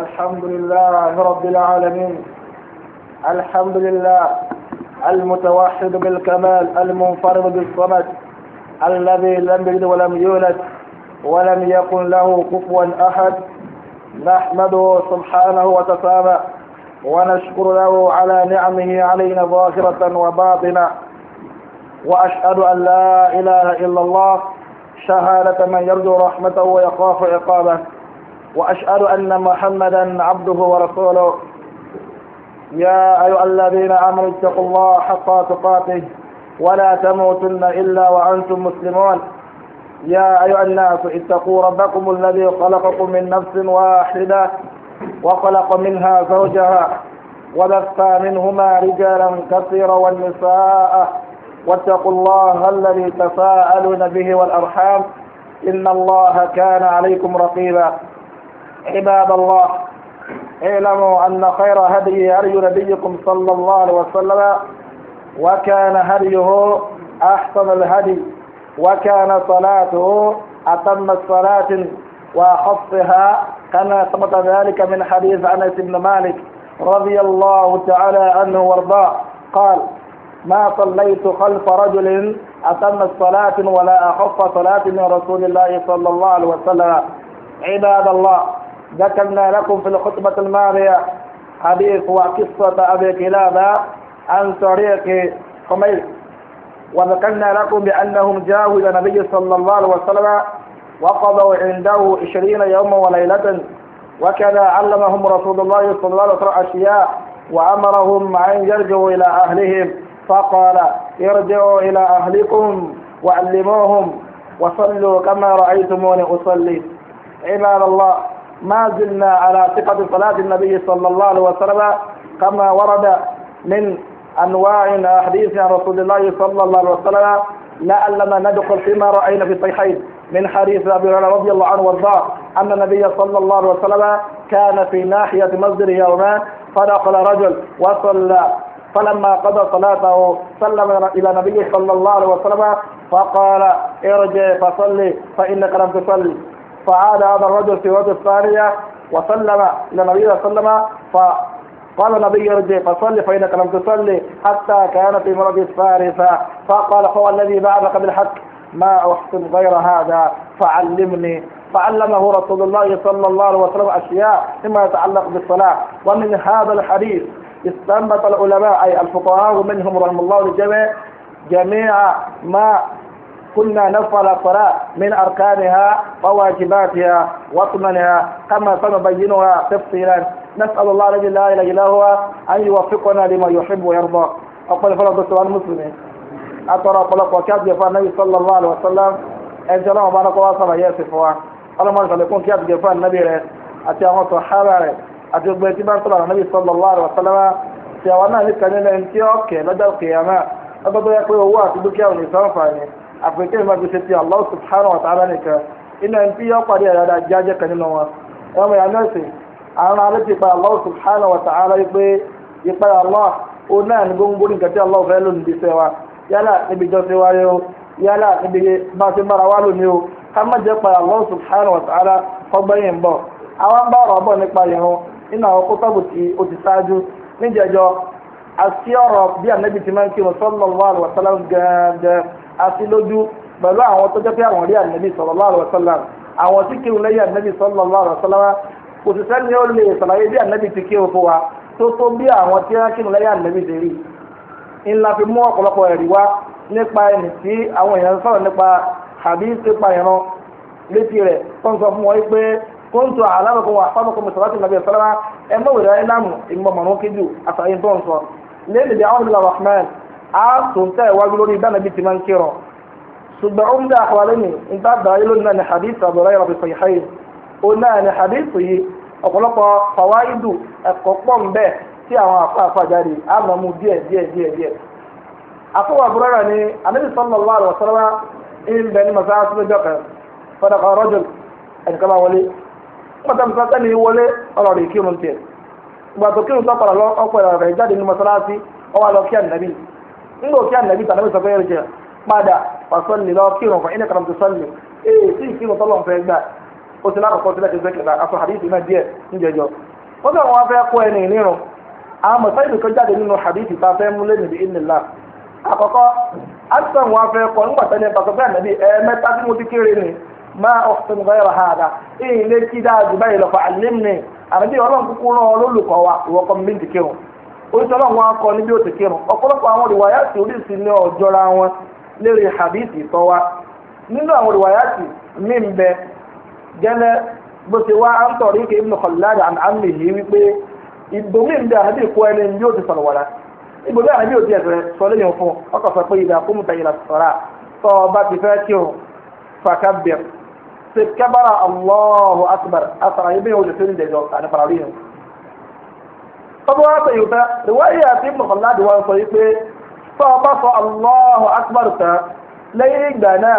الحمد لله رب العالمين الحمد لله المتوحد بالكمال المنفرد بالصمد الذي لم يلد ولم يولد ولم يكن له كفوا أحد نحمده سبحانه وتعالى ونشكر له على نعمه علينا ظاهرة وباطنة وأشهد أن لا إله إلا الله شهادة من يرجو رحمته ويخاف عقابه وأشهد أن محمدا عبده ورسوله يا أيها الذين آمنوا اتقوا الله حق تقاته ولا تموتن إلا وأنتم مسلمون يا أيها الناس اتقوا ربكم الذي خلقكم من نفس واحدة وخلق منها زوجها ولفت منهما رجالا كثيرا والنساء واتقوا الله الذي تساءلون به والأرحام إن الله كان عليكم رقيبا عباد الله اعلموا أن خير هدي هدي نبيكم صلى الله عليه وسلم وكان هديه أحسن الهدي وكان صلاته أتم الصلاة وأخصها كما ثبت ذلك من حديث أنس بن مالك رضي الله تعالى عنه وارضاه قال ما صليت خلف رجل أتم الصلاة ولا أخف صلاة من رسول الله صلى الله عليه وسلم عباد الله ذكرنا لكم في الخطبة الماضية حديث وقصة أبي كلابة عن طريق حميد وذكرنا لكم بأنهم جاءوا إلى النبي صلى الله عليه وسلم وقضوا عنده عشرين يوما وليلة وكذا علمهم رسول الله صلى الله عليه وسلم أشياء وأمرهم أن يرجعوا إلى أهلهم فقال ارجعوا إلى أهلكم وعلموهم وصلوا كما رأيتموني أصلي عباد الله ما زلنا على ثقة صلاة النبي صلى الله عليه وسلم كما ورد من أنواع أحاديث عن رسول الله صلى الله عليه وسلم لعلما ندخل فيما رأينا في الصحيحين من حديث أبي هريرة رضي الله عنه وارضاه أن النبي صلى الله عليه وسلم كان في ناحية مسجده يوما فدخل رجل وصلى فلما قضى صلاته سلم إلى النبي صلى الله عليه وسلم فقال ارجع فصلي فإنك لم تصلي فعاد هذا الرجل في الوقت الثانية وسلم للنبي صلى الله عليه وسلم النبي ارجع فصل فإنك لم تصلي حتى كانت امرأتي الثالثة فقال هو الذي بعثك بالحق ما أحسن غير هذا فعلمني فعلمه رسول الله صلى الله عليه وسلم أشياء مما يتعلق بالصلاة ومن هذا الحديث استنبط العلماء أي الفقهاء منهم رحم الله الجميع جميع ما كنا نفعل الصلاة من أركانها وواجباتها وثمنها كما سنبينها تفصيلا نسأل الله الذي لا إله إلا هو أن يوفقنا لما يحب ويرضى أقول فلا بسوى المسلمين أترى قلق وكاد يفعل النبي صلى الله عليه وسلم إن جل وعلا قوى صلى يصفها ألا ما نسأل يكون كاد يفعل النبي أتي أمر صحابة أتي أبيتي بان صلى الله عليه وسلم سيوانا لك أن ينتهي أوكي لدى القيامة أبدا يقول هو أتدوك يا ونسان فاني àfikún ìmọ̀ gbèsè ti Allah subhanahu wa ta'ala nìkan iná ń fi yọ́ pàdé ẹ̀rọ ajá jẹ́ kan nínú wọn ẹ̀rọ ìyá nọ́ọ̀sì àwọn alẹ́ ti pa Allah subhanahu wa ta'ala pé ipa Allah ó náà ní gbogbo nǹkan tí Allah fẹ́ lónìí bí sẹ́wa yálà níbi ìjọsìn wa o yálà níbi bá a ti bára wa lónìí o ká má jẹ́ pa Allah subhanahu wa ta'ala kọ́gbẹ́yìn bọ̀ àwọn bá ọ̀rọ̀ bọ̀ nípa ìrun nínú àwọn kótóbù tí ó ti ṣáájú níjẹ̀jọ́ àti ọ̀rọ̀ bí ànábì ti máa ń kírun sallallahu alaihi wasallam gẹ́gẹ́ àti lójú pẹ̀lú àwọn tó jẹ́ pé àwọn rí ànábì sallallahu alaihi wasallam àwọn tí kírun lẹ́yìn ànábì sallallahu alaihi wasallam kò sì sẹ́ni ó lè sàlàyé bí ànábì ti kírun fún wa tó tó bí àwọn tí wọ́n kírun lẹ́yìn ànábì ti rí ńlá fi mú ọ̀pọ̀lọpọ̀ ẹ̀rí wá nípa ẹni tí àwọn èèyàn sọ̀rọ̀ nípa hadith nípa ìran létí rẹ̀ tó ń sọ fún wọn pé kóńtò àlábàkùn wà fábàkùn mùsùlùmí nàbí ọ̀sán ẹ̀ mọ̀wé rẹ̀ ẹ̀ náà mú ìmọ̀mọ̀ kéjù àtàyè tó ń sọ lẹ́yìn ìdí àwọn ìlú rahman a tún tẹ̀ wájú dana bí Ànábì ti máa ń kírun ṣùgbọ́n ó ń dá àwọn alẹ́ ní hadith abdullahi rabi sahihayi ó náà ní ni fadaqa rajul ẹnìkan bá wọlé wọ́n musa sẹ́ni wọlé ọlọ́ọ̀rẹ́ kírun tiẹ̀ gbàtọ̀ kírun sọ́kọ̀rọ̀ nígbà òkè ànàbí tànàbí sọ ya rẹ̀ padà pàṣọ́lì lọ kírun fún ẹnìkan tó sọ́lì ee si ti lákòókò a, kẹsẹ̀ kẹta na hadith náà díẹ̀ níjẹjọ wọ́n sọ wọn fẹ́ kó ẹni nírun àwọn mọ̀sáìdì kan jáde nínú a fẹ́ mú lẹ́nu bíi ìnìlá àkọ́kọ́ àtúntàn wọn fẹ́ kọ́ nígbà tẹ́lẹ̀ pàṣọ fẹ́ ànàbí ẹ̀ẹ́mẹ́ta tí mo ti kéré ni máa ọ̀sẹ̀ nígbà yẹra hàdà ìyìn lè kí dáa jù báyìí lọ fà àlẹ́ ọ wa ti oṣù ọlọ́run akọ ní bí ó ti kírun ọ̀pọ̀lọpọ̀ àwọn rìwáyàtì oríṣi ní ọ̀jọ́ra wọn lérí hadith ìtọ́ wa nínú àwọn rìwáyàtì mí ń bẹ gẹ́lẹ́ bó ṣe wá à ń tọ̀ rí ibn Khallad an ammi yìí wípé ìbomi ń bẹ ànábì kó ẹni ní yóò sọ̀rọ̀ wàlá ìbomi ànábì ti ẹ̀sẹ̀ sọ lẹ́yìn fún ọkọ̀ sọ pé ìdá ti fẹ́ kírun ṣe tọ́bọ̀ wá sọ yòókà ìwádìí àti mọ̀kànláàdì wa sọ wípé tó o sọ Allahu akbar tán lẹ́yìn ìgbà náà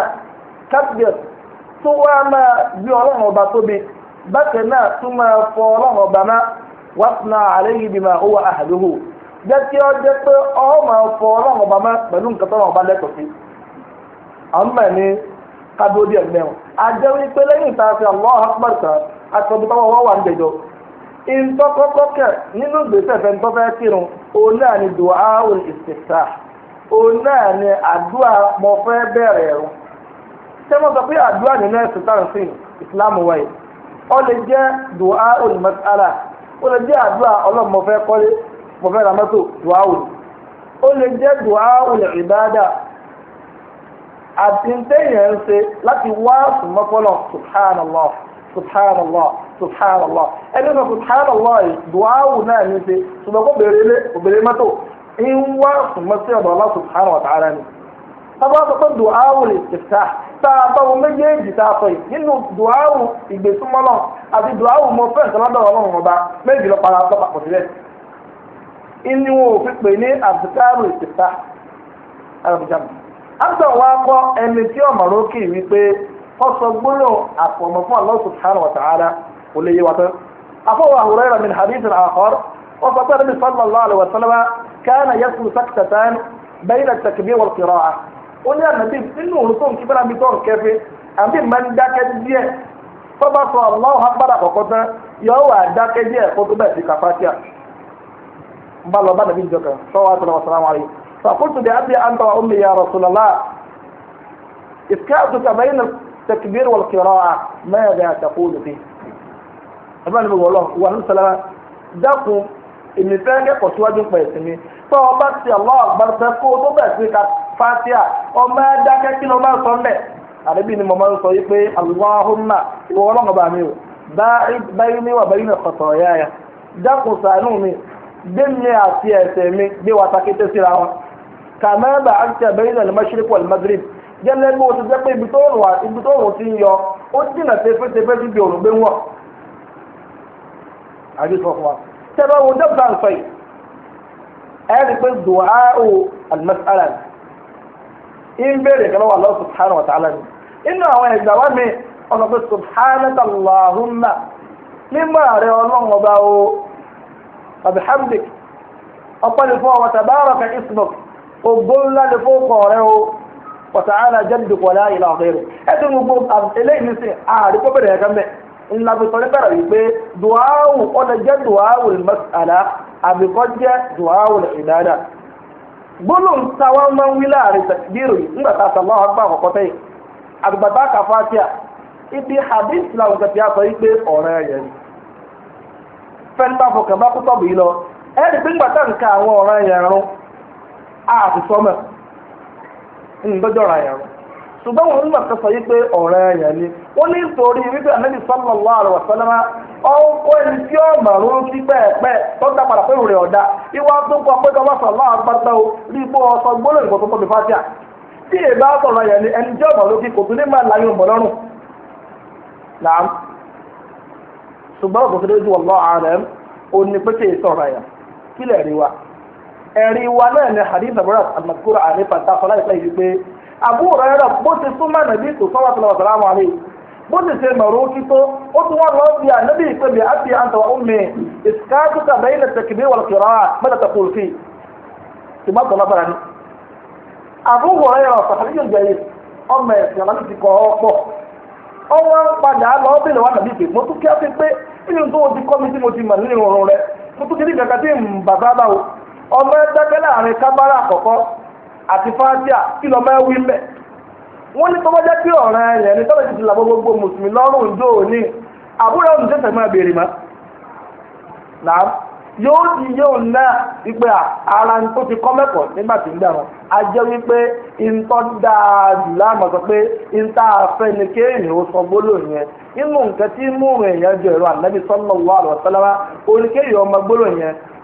kábíyèsí tó máa bí ọlọ́run ọba tóbi bákan náà tó máa fọ ọlọ́run ọba náà wá na àlẹ́yìn bí máa wà àhàlóhù jẹ́ kí ọ ọ máa fọ ọlọ́run ọba pẹ̀lú nǹkan tó ọba sí. ní ìntọ́kọ́kọ́kẹ́ nínú gbèsè fẹ́ ntọ́fẹ́ kírun òun náà ni duwaawul òun náà ni àdúrà mọ̀fẹ́ bẹ̀rẹ̀ ẹ̀rọ ṣé sọ pé àdúrà nínú ẹ̀sìn táwọn sí ìsìlámù wáyé ó lè jẹ́ duwaawul mas'ala ó lè jẹ́ àdúrà ọlọ́mọfẹ́ kọ́lé mọ̀fẹ́ ramọ́tò duwaawul ó lè jẹ́ ìbáadà àti ntẹ́yẹ̀ ń ṣe láti wá subhanallah subhanallah ẹni náà subhanallah yìí duwawu náà ní ṣe ṣùgbọ́n kó bèrè obèrè mọ́tò ń wá ṣùgbọ́n sí ọ̀dọ̀ Allah subhanahu wa ta'ala ni. sábà sọ pé duwawu lè ṣèṣà tá a bá wọn méjèèjì tá a sọ yìí nínú duwawu ìgbésùmọ́lọ́ àti duwawu mọ fẹ́ ìṣẹ́lọ́dọ̀ ọlọ́run ọba méjì lọ para lọ́pàá pọ̀ sílẹ̀. inú wọn ò fi pè ní àbùkárù ìṣèṣà àbùjá wa kọ ẹni tí ọmọ kọ́sọ̀ gbọ́dọ̀ àfọ̀mọ́ fún Allah subhanahu wa ta'ala kò lè yé wa tán. afọwọ́ àwòrán yẹn min hadith al-akhar wọ́n sọ pé nabi sallallahu alayhi wa sallam kana yasu sakitatan bayna at-takbir wal qira'ah. ó ní ànàbí nínú òun tó ń kí bẹ́ẹ̀ àbí tó ń kẹ́fẹ́ àbí máa ń dákẹ́ díẹ̀ tó bá sọ Allahu akbar àkọ́kọ́ tán yọ wà dákẹ́ díẹ̀ kó tó bẹ́ẹ̀ fi kàfáàkíà. ń bá lọ bá nàbí jọ kan sọ فقلت بأبي أنت وأمي يا رسول الله إذ كأتك بين التكبير والقراءة ماذا تقول فيه؟ أبانا بقول الله وأنا سلام داكم èmi fẹ́ kẹ́kọ̀ọ́ síwájú pẹ̀ sí mi tó o bá ti ọlọ́ àgbàrúfẹ́ kó o tó bẹ̀ sí ka fásíà ọmọ ẹ̀dákẹ́ kí ló máa sọ mẹ́ àdébí ni mo máa ń sọ yìí pé aláhùnmá ìwọ ọlọ́run bá mi o báyìí ní wà báyìí ní ọ̀kọ̀tọ̀ ọ̀yá ya dákun ṣàánú mi gbé mi àti ẹ̀ṣẹ̀ mi gbé wa takété síra wọn kàmẹ́bà àti àbẹ́yìn ní alimashirikù alimagrib gẹ́lẹ́ bí o ti jẹ́ pé ibi tó rùn ibi tó rùn ti ń yọ ó jìnà tẹfẹ́tẹfẹ́ síbi òrùn gbé wọ̀ àdìsọ fún wa tẹ́lẹ̀ wo dẹ́gbà ń yìí ẹ̀ ẹ́ rí pé dùhà ó àlùmọ́sálà ni ń béèrè kan wà lọ́wọ́ subhanahu wa ta'ala ni inú àwọn ẹ̀gbà wa mi ọ̀nà pé ọ̀pẹ́ fún ògbó ńlá fún o. wàtàlá jẹ́ndì wọlé ìlà ọ̀gẹ́rẹ́ ẹ̀sìn gbogbo eléyìí ní sìn àárí kó bẹ̀rẹ̀ ẹ̀ka mẹ́ ńlá fi sọ ní bẹ̀rẹ̀ wípé duwawu ọ̀nà jẹ́ duwawu mas'ala àbíkọ́ jẹ́ duwawu ìdáadáa gbólóhùn táwọn máa ń wí láàrin tàbírò yìí ńgbà tá a sàlọ́ àgbà àkọ́kọ́ tẹ́yìn àgbàbá kàfáàtìyà ibi hadith làwọn kàtí àsọ yìí pé ọ̀rẹ́ yẹn ni ńdọ́jọ́ra yẹn ṣùgbọ́n wọn nígbà kan sọ yìí pé ọ̀rẹ́ yẹn ni wọ́n ní nítorí wípé ànábì sallallahu alaihi wasallam ọkọ ẹni tí ó màrún sí pẹ́ẹ́pẹ́ tó ń dápadà pé òrè ọ̀dà ìwà tó kọ pé kọ́ bá sọ láwọn agbátá o rí ipò ọsọ gbólóhùn ìgbọ́ tó tóbi fásíà tí èbá sọ̀rọ̀ yẹn ni ẹni tí ó màrún sí kò tún ní máa láyé ọmọ lọ́rùn. nàám ṣùgbọ́n òkòtò ẹ̀rí wa náà ni al ali fanta fọlá ìfẹ́ yìí pé Abu Hurairah bó ti súnmọ́ nàbí tó sọ́wọ́ tó lọ́wọ́ sàlámù alẹ́ bó ti ṣe mọ̀rọ̀ ó tún wọ́n lọ bí ànábì pé bí a ti à ń tọ́ ọmọ ìsìkáàtú ka mẹ́ta má tọ́lá ni. Abu Hurairah sàkàlì yóò jẹ́ ọmọ ẹ̀sìn ti ọ pọ̀ ọwọ́ padà lọ nàbí pé mo tún kí á fi pé nínú tó o ti kọ́ ọmọ ẹgbẹ́gbẹ́ láàrin kábàrà àkọ́kọ́ àti fáńtíà kí lọ́mọ ẹ wí mẹ́ wọ́n ní kí ọ̀ràn ẹ̀yẹ̀ ní tọ́lẹ̀ ti ti gbogbo mùsùlùmí òní àbúrò máa yóò di yóò ná ara tó ti kọ́ mẹ́kọ̀ọ́ nígbà tí ń dà wọn a jẹ́ wípé ntọ́ dáa jù láàmú sọ pé ntá afẹ́ ni kéèyàn ó sọ gbólóhùn yẹn nǹkan tí mú èèyàn jọ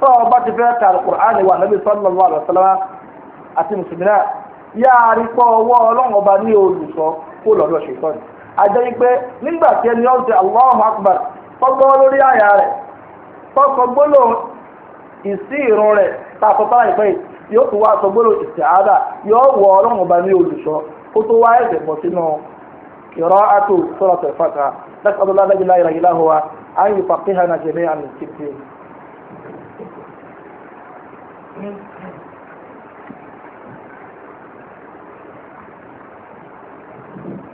tọ́ ọ bá ti fẹ́ ka alukur'ani wa nabi sọlọ àti mùsùlùmí náà yáàrí ọba ní olùsọ kó lọ́dọ̀ ṣètọ́ ni. àjẹ́ pé nígbà tí ẹni ọ̀sẹ̀ allahu akbar tọ́gbọ́ lórí àyà rẹ̀ tọ́sọ gbólò ìsí ìrun rẹ̀ tá a sọ yìí yóò tún wá sọ gbólò yóò ọba ní olùsọ kó tó wá ẹ̀sẹ̀ bọ̀ sínú ìrọ̀ àtò sọ̀rọ̀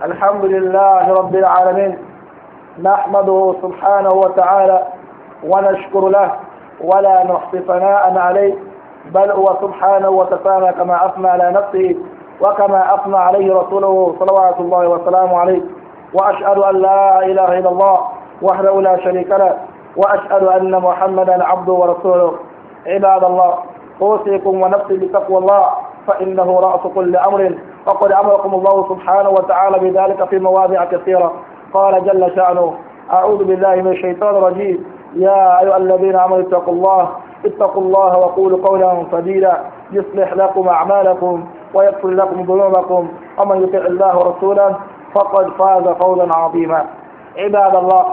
الحمد لله رب العالمين نحمده سبحانه وتعالى ونشكر له ولا نحصي ثناء عليه بل هو سبحانه وتعالى كما اثنى على نفسه وكما اثنى عليه رسوله صلوات الله وسلامه عليه واشهد ان لا اله الا الله وحده لا شريك له واشهد ان محمدا عبده ورسوله عباد الله أوصيكم ونفسي بتقوى الله فإنه رأس كل أمر وقد أمركم الله سبحانه وتعالى بذلك في مواضع كثيرة قال جل شأنه أعوذ بالله من الشيطان الرجيم يا أيها الذين آمنوا اتقوا الله اتقوا الله وقولوا قولا سديدا يصلح لكم أعمالكم ويغفر لكم ذنوبكم ومن يطع الله ورسوله فقد فاز فوزا عظيما عباد الله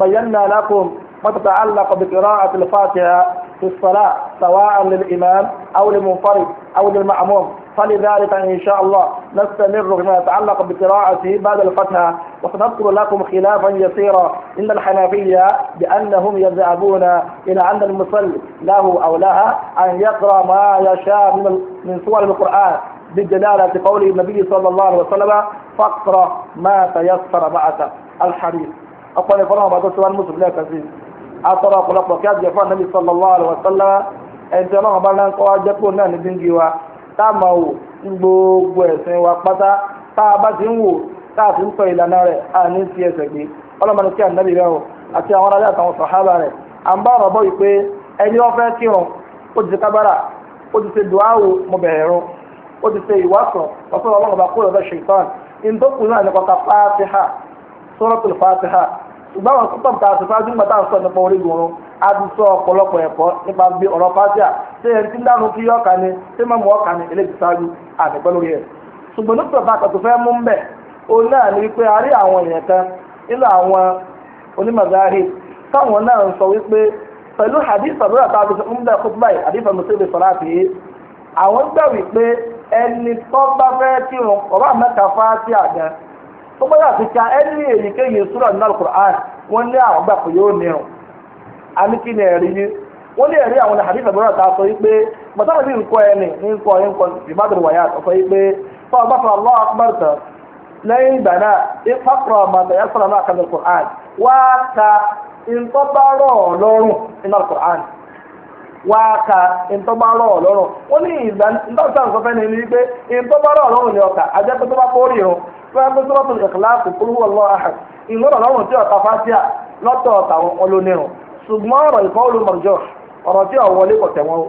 بينا لكم ما تتعلق بقراءة الفاتحة في الصلاة سواء للإمام أو للمنفرد أو للمأموم فلذلك إن شاء الله نستمر فيما يتعلق بقراءته بعد الفتحة وسنذكر لكم خلافا يسيرا إن الحنفية بأنهم يذهبون إلى أن المصلي له أو لها أن يقرأ ما يشاء من من سور القرآن بدلالة قول النبي صلى الله عليه وسلم فاقرأ ما تيسر معك الحديث أقول لكم بعد سؤال مسلم لا تزيد atọrọ ọ̀pọ̀lọpọ̀ kí a jẹ fún anabi sallallahu alaihi wasallam ẹni tí Ọlọ́run bá náà wa taa pé náà ní wa tá a wò gbogbo ẹ̀sìn wa pátá tá a bá ti ń wò tá a ti ń tọ ìlànà rẹ̀ a ní ti o àti àwọn àtàwọn rẹ̀ à ń bá ọ̀rọ̀ yìí pé ẹni wọn fẹ́ kírun ó ti ṣe kábàrà ó ti ṣe duawo mo bẹ̀rẹ̀ rún ó ti ṣe ṣùgbọ́n àwọn kútọ̀ ta àti fásitì nígbà tá sọ nípa orí ìgbòho a ti sọ ọ̀pọ̀lọpọ̀ ẹ̀kọ́ nípa bí ọ̀rọ̀ fásitì ṣé ẹni tí ń dánú kí ọkà ni ṣé mọ̀mọ́ ọkà ni eléyìí ṣáájú àdìpẹ́ lórí ẹ̀. ṣùgbọ́n nípa ìfàkà tó fẹ́ mú ń bẹ̀ òun náà ni pé a rí àwọn èèyàn kan nínú àwọn onímọ̀gáhì táwọn náà ń sọ wípé pẹ̀lú hadith àdúrà a fi tó bá yàtọ̀ ká ẹni èyíkéyìí sùúrà nínú alukur'an wani ní àwọn gbà pé yóò nírun àmì kí ni ẹ̀rí a wọ́n lè rí àwọn àdìsí àbúrò ta sọ yìí pé mọ̀tàbí bí nǹkan ẹni nǹkan nǹkan ìbádùn wáyà sọ yìí pé allah akbar tán lẹ́yìn ìgbà náà ìfàkùrọ̀ màtà ya sọ̀rọ̀ náà kàdé alukur'an wá ka ìtọ́bárọ̀ lọ́rùn nínú wá ka lọ́rùn wọ́n ní ìgbà ni fẹ́ẹ́ pé sọ́dọ̀tún ìkìláàsì kúrú wọlọ́ ahad ìlọ́rọ̀ lọ́rùn tí ọ̀tá fásíà lọ́tọ̀ ọ̀tà olónírun ṣùgbọ́n ọ̀rọ̀ ìkọ́ olùmọ̀jọ́ ọ̀rọ̀ tí ọ̀wọlé kò tẹ̀wọ́n o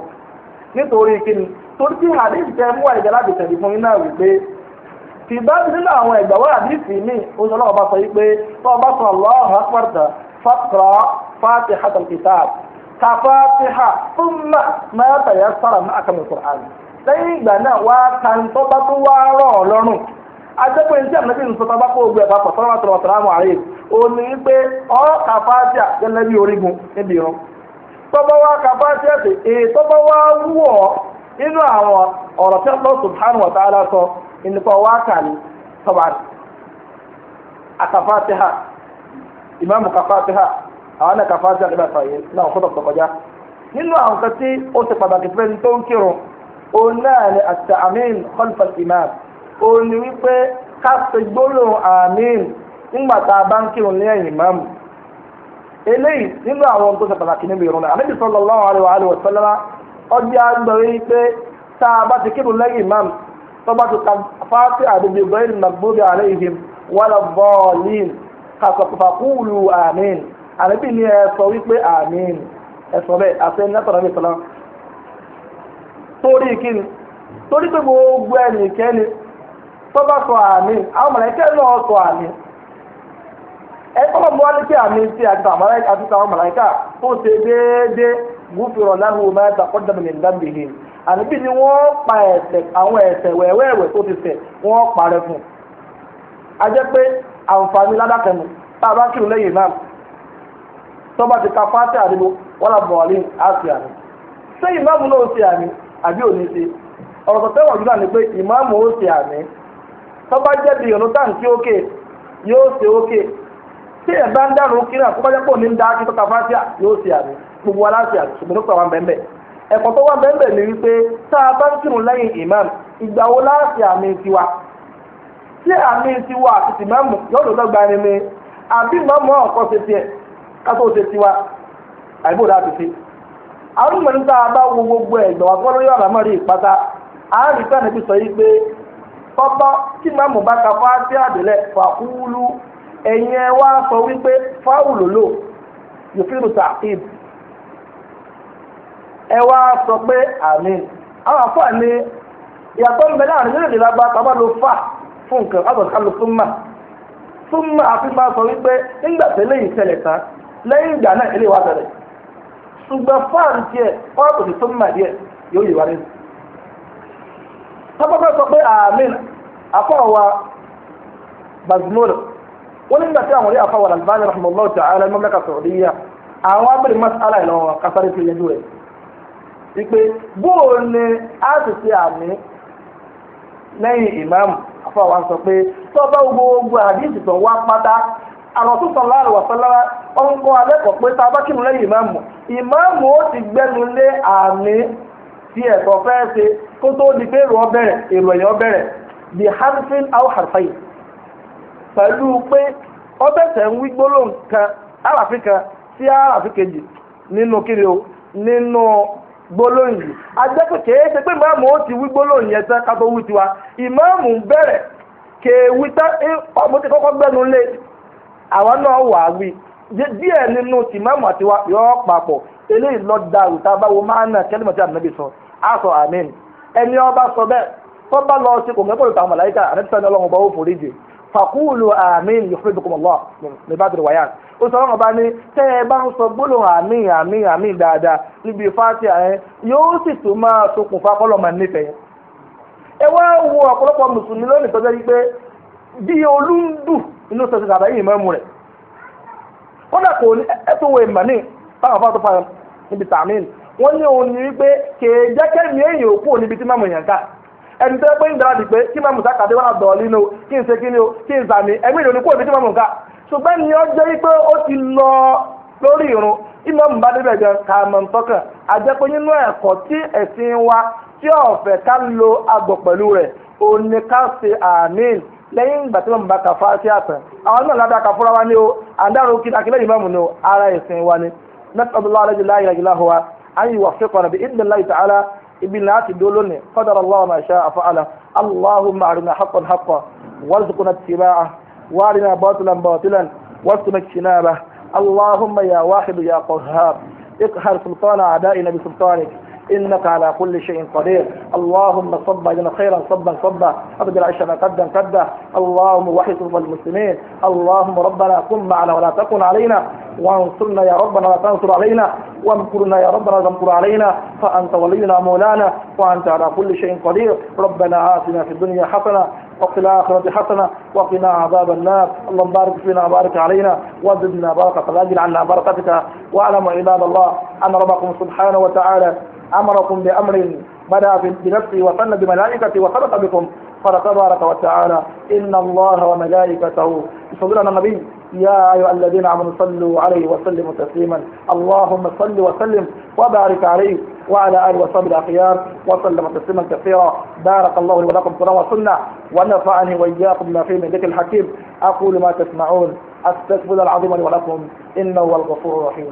nítorí kíni torí tí hadith tẹ mú àìjẹ́ láti tẹ̀lé fún iná wípé kì bá ti nínú àwọn ìgbàwọ́ hadith mi oṣù náà bá sọ pé tó o bá sọ Allahu akbar faqra fatihatul kitab ka fatiha thumma ma tayassara ma'aka min Qur'an lẹ́yìn ìgbà náà wá kan bá tún wá rọ̀ lọ́rùn adẹ́pẹ́ ní tí àmì ní sọ́tà bá kó gbé ẹ̀bá pọ̀ sọ́nà tọ̀rọ̀ tọ̀rọ̀ àwọn àárẹ̀ òní pé ọ̀rọ̀ kàfáàtìà gẹ́lẹ́ bí orígun níbi irun tọ́bọ̀ wá kàfáàtìà sí èyí tọ́bọ̀ wá wú ọ́ nínú àwọn ọ̀rọ̀ tí Allah subhanahu wa ta'ala sọ ìnìkan wá kà ní tọ́ba àkàfáàtìà ìmáàmù kàfáàtìà àwọn náà kàfáàtìà nígbà sàyẹn náà kó tọ̀tọ̀ kọjá nínú àwọn kan tí ó ti pàtàkì fẹ́ni tó ń kírun òun náà ni àtàmín khalfa al-imam òun ni wípé ká ṣe gbólóhùn àmín nígbà tá a bá ń kírun ní ẹ̀yìn mọ́mù eléyìí nínú àwọn tó ṣe pàtàkì níbi ìrun náà ànábì sallallahu alaihi wa sallam ọjọ́ agbọ̀rẹ́ wípé tá a bá ti kírun lẹ́yìn mọ́mù tó bá ti ka fáti tọba sọ àmì àwọn náà sọ àmì ẹ tọ́ba mú àmì ti àti àwọn tó ṣe déédé gúfìrọ̀ láhùn máa dàkọ́jà mi dábì àníbí ni wọ́n pa ẹ̀ṣẹ̀ àwọn ẹ̀ṣẹ̀ tó ti ṣẹ̀ wọ́n fún un a pé àǹfààní tá a bá kírun náà ti ka àdìbò àti àmì náà ṣe àmì àbí òní ṣe ọ̀rọ̀ tọ́tẹ́wọ̀n ni pé tọ́ba jẹ́ bí ìrún táǹkì òkè yóò ṣe òkè tí ẹ̀ bá ń dànù kí náà kó bá si ní ń da kí yóò ṣe àmì gbogbo wa láti àmì ṣùgbọ́n nípa wa bẹ́ẹ̀ ẹ̀kọ́ tó wà bẹ́ẹ̀ ni wípé tá a bá ń kírun lẹ́yìn imam ìgbà wo láti àmì tiwa tí àmì tiwa àti yóò lọ́dọ̀ gba ẹni mi àbí ọ̀kọ́ ṣe tiẹ̀ kátó ṣe tiwa àìbò gbogbo àkọ́lọ́yọ̀ tọ́tọ́ kí màmú bá ka fáti àdìlẹ̀ fàkúlù ẹ̀yin ẹ wá sọ wípé fáwùlò lò yòfínù sàkíb ẹ wá sọ pé àmín àwọn afọ ni ìyàtọ̀ ń bẹ láàrin méjèèjì lágbá tàbá ló fà fún nǹkan ọ̀dọ̀ ká ló sọ wípé nígbà ṣẹlẹ̀ tán lẹ́yìn ìgbà náà bẹ̀rẹ̀ ṣùgbọ́n fáàn díẹ̀ yóò afọwà bazmul wọ́n nígbà tí àwọn orí afọwà Albani rahimahullah ta'ala mamlaka Saudiya àwọn abẹ́rẹ́ masala ìlọ́wọ́ kásáré tó yẹjú rẹ̀ wípé bóò ni a sì ṣe àmì lẹ́yìn ìmáàmù afọwà sọ pé tọ́ba gbogbo àdìsí tó wá pátá àwọn tó sọ̀rọ̀ àrùwà sọ́lára ọ̀nkọ́ alẹ́kọ̀ọ́ pé tá a bá kí n lẹ́yìn ìmáàmù ìmáàmù ó ti gbẹ́nu lé àmì tí ẹ̀kọ́ fẹ́ ṣe kó tó di pé èrò ọbẹ̀rẹ̀ èrò ẹ̀yọ́ bẹ̀rẹ̀ bi harfin aw harfain pẹ̀lú pé ó bẹ̀sẹ̀ ń wí gbólóhùn kan aláfi kan sí aláfi kejì nínú kiri o nínú gbólóhùn yìí ajẹ́pẹ̀ kìí ṣe pé ìmáàmù ó ti wí gbólóhùn yẹn tán ká tó wí tiwa ìmáàmù bẹ̀rẹ̀ kèéwí tán ọmọ tí kọ́kọ́ gbẹ́nu lé àwọn náà wà á wí díẹ̀ nínú ti ìmáàmù àti wa yọ ọ́ papọ̀ eléyìí lọ́ọ́ da àrùtá báwo máa ń nà kẹ́lẹ́mọ̀tì ànábì sọ á sọ àmín ẹni ọba sọ bẹ́ẹ̀ tó bá lọ sí kò mẹ́kọ̀ọ́ ìtàn màláìka àdébísà ní ọlọ́run ọba ó forí jì fàkúùlù àmín yuhibbukum Allah ní bá dùrù wáyà ó sọ ọlọ́run ọba ní tẹ́ ẹ bá ń sọ gbólóhùn àmín àmín àmín dáadáa níbi fáti àyẹn yóò sì tún máa ṣokùnfà kọ́lọ́mà nífẹ̀ẹ́ ẹ wá wo ọ̀pọ̀lọpọ̀ mùsùlùmí lónìí tọ́jú pé bí olúndù inú sọ̀tún wọ́n ní òun ní wípé kèé mi èèyàn òkú níbi tí mọ́mọ́ èèyàn ká ẹni tó pé ìdára dì pé kí máa mùsà kàdé wà dọ̀ọ́lì ní o kí n ṣe kí ni o kí n zàmì ẹ̀mí ìrònú tí máa mú ni jẹ́ wípé ó ti lọ lórí irun ìmọ̀ mú bá gan ká mọ̀ ń tọ́kàn àjẹ́ pé nínú ẹ̀kọ́ tí ẹ̀sìn wa tí ọ̀fẹ́ ká lo agbọ̀ pẹ̀lú rẹ̀ òun ni ká ṣe lẹ́yìn ìgbà tí wọ́n bá àtàn àwọn náà ládàá wa ni o yìí ni o ara ẹ̀sìn wa ni wa ابن لاتي دولوني قدر الله ما شاء فعل اللهم ارنا حقا حقا وارزقنا اتباعه وارنا باطلا باطلا وارزقنا اجتنابه اللهم يا واحد يا قهار اقهر سلطان اعدائنا بسلطانك إنك على كل شيء قدير اللهم صب لنا خيرا صبا صبا أبدل عيش ما قدم قدا اللهم وحي صف المسلمين اللهم ربنا كن معنا ولا تكن علينا وانصرنا يا ربنا ولا تنصر علينا وامكرنا يا ربنا ولا تمكر علينا فأنت ولينا مولانا وأنت على كل شيء قدير ربنا آتنا في الدنيا حسنة وفي الآخرة حسنة وقنا عذاب النار اللهم بارك فينا وبارك علينا وزدنا بركة واجعل عنا بركتك واعلموا عباد الله أن ربكم سبحانه وتعالى أمركم بأمر بدأ بنفسه وصن بملائكته وخلق بكم قال تبارك وتعالى إن الله وملائكته يصلون على النبي يا أيها الذين آمنوا صلوا عليه وسلموا تسليما اللهم صل وسلم وبارك عليه وعلى آله وصحبه الأخيار وسلم تسليما كثيرا بارك الله لي ولكم في وسنة ونفعني وإياكم بما فيه من ذكر الحكيم أقول ما تسمعون أستغفر العظيم لي ولكم إنه هو الغفور الرحيم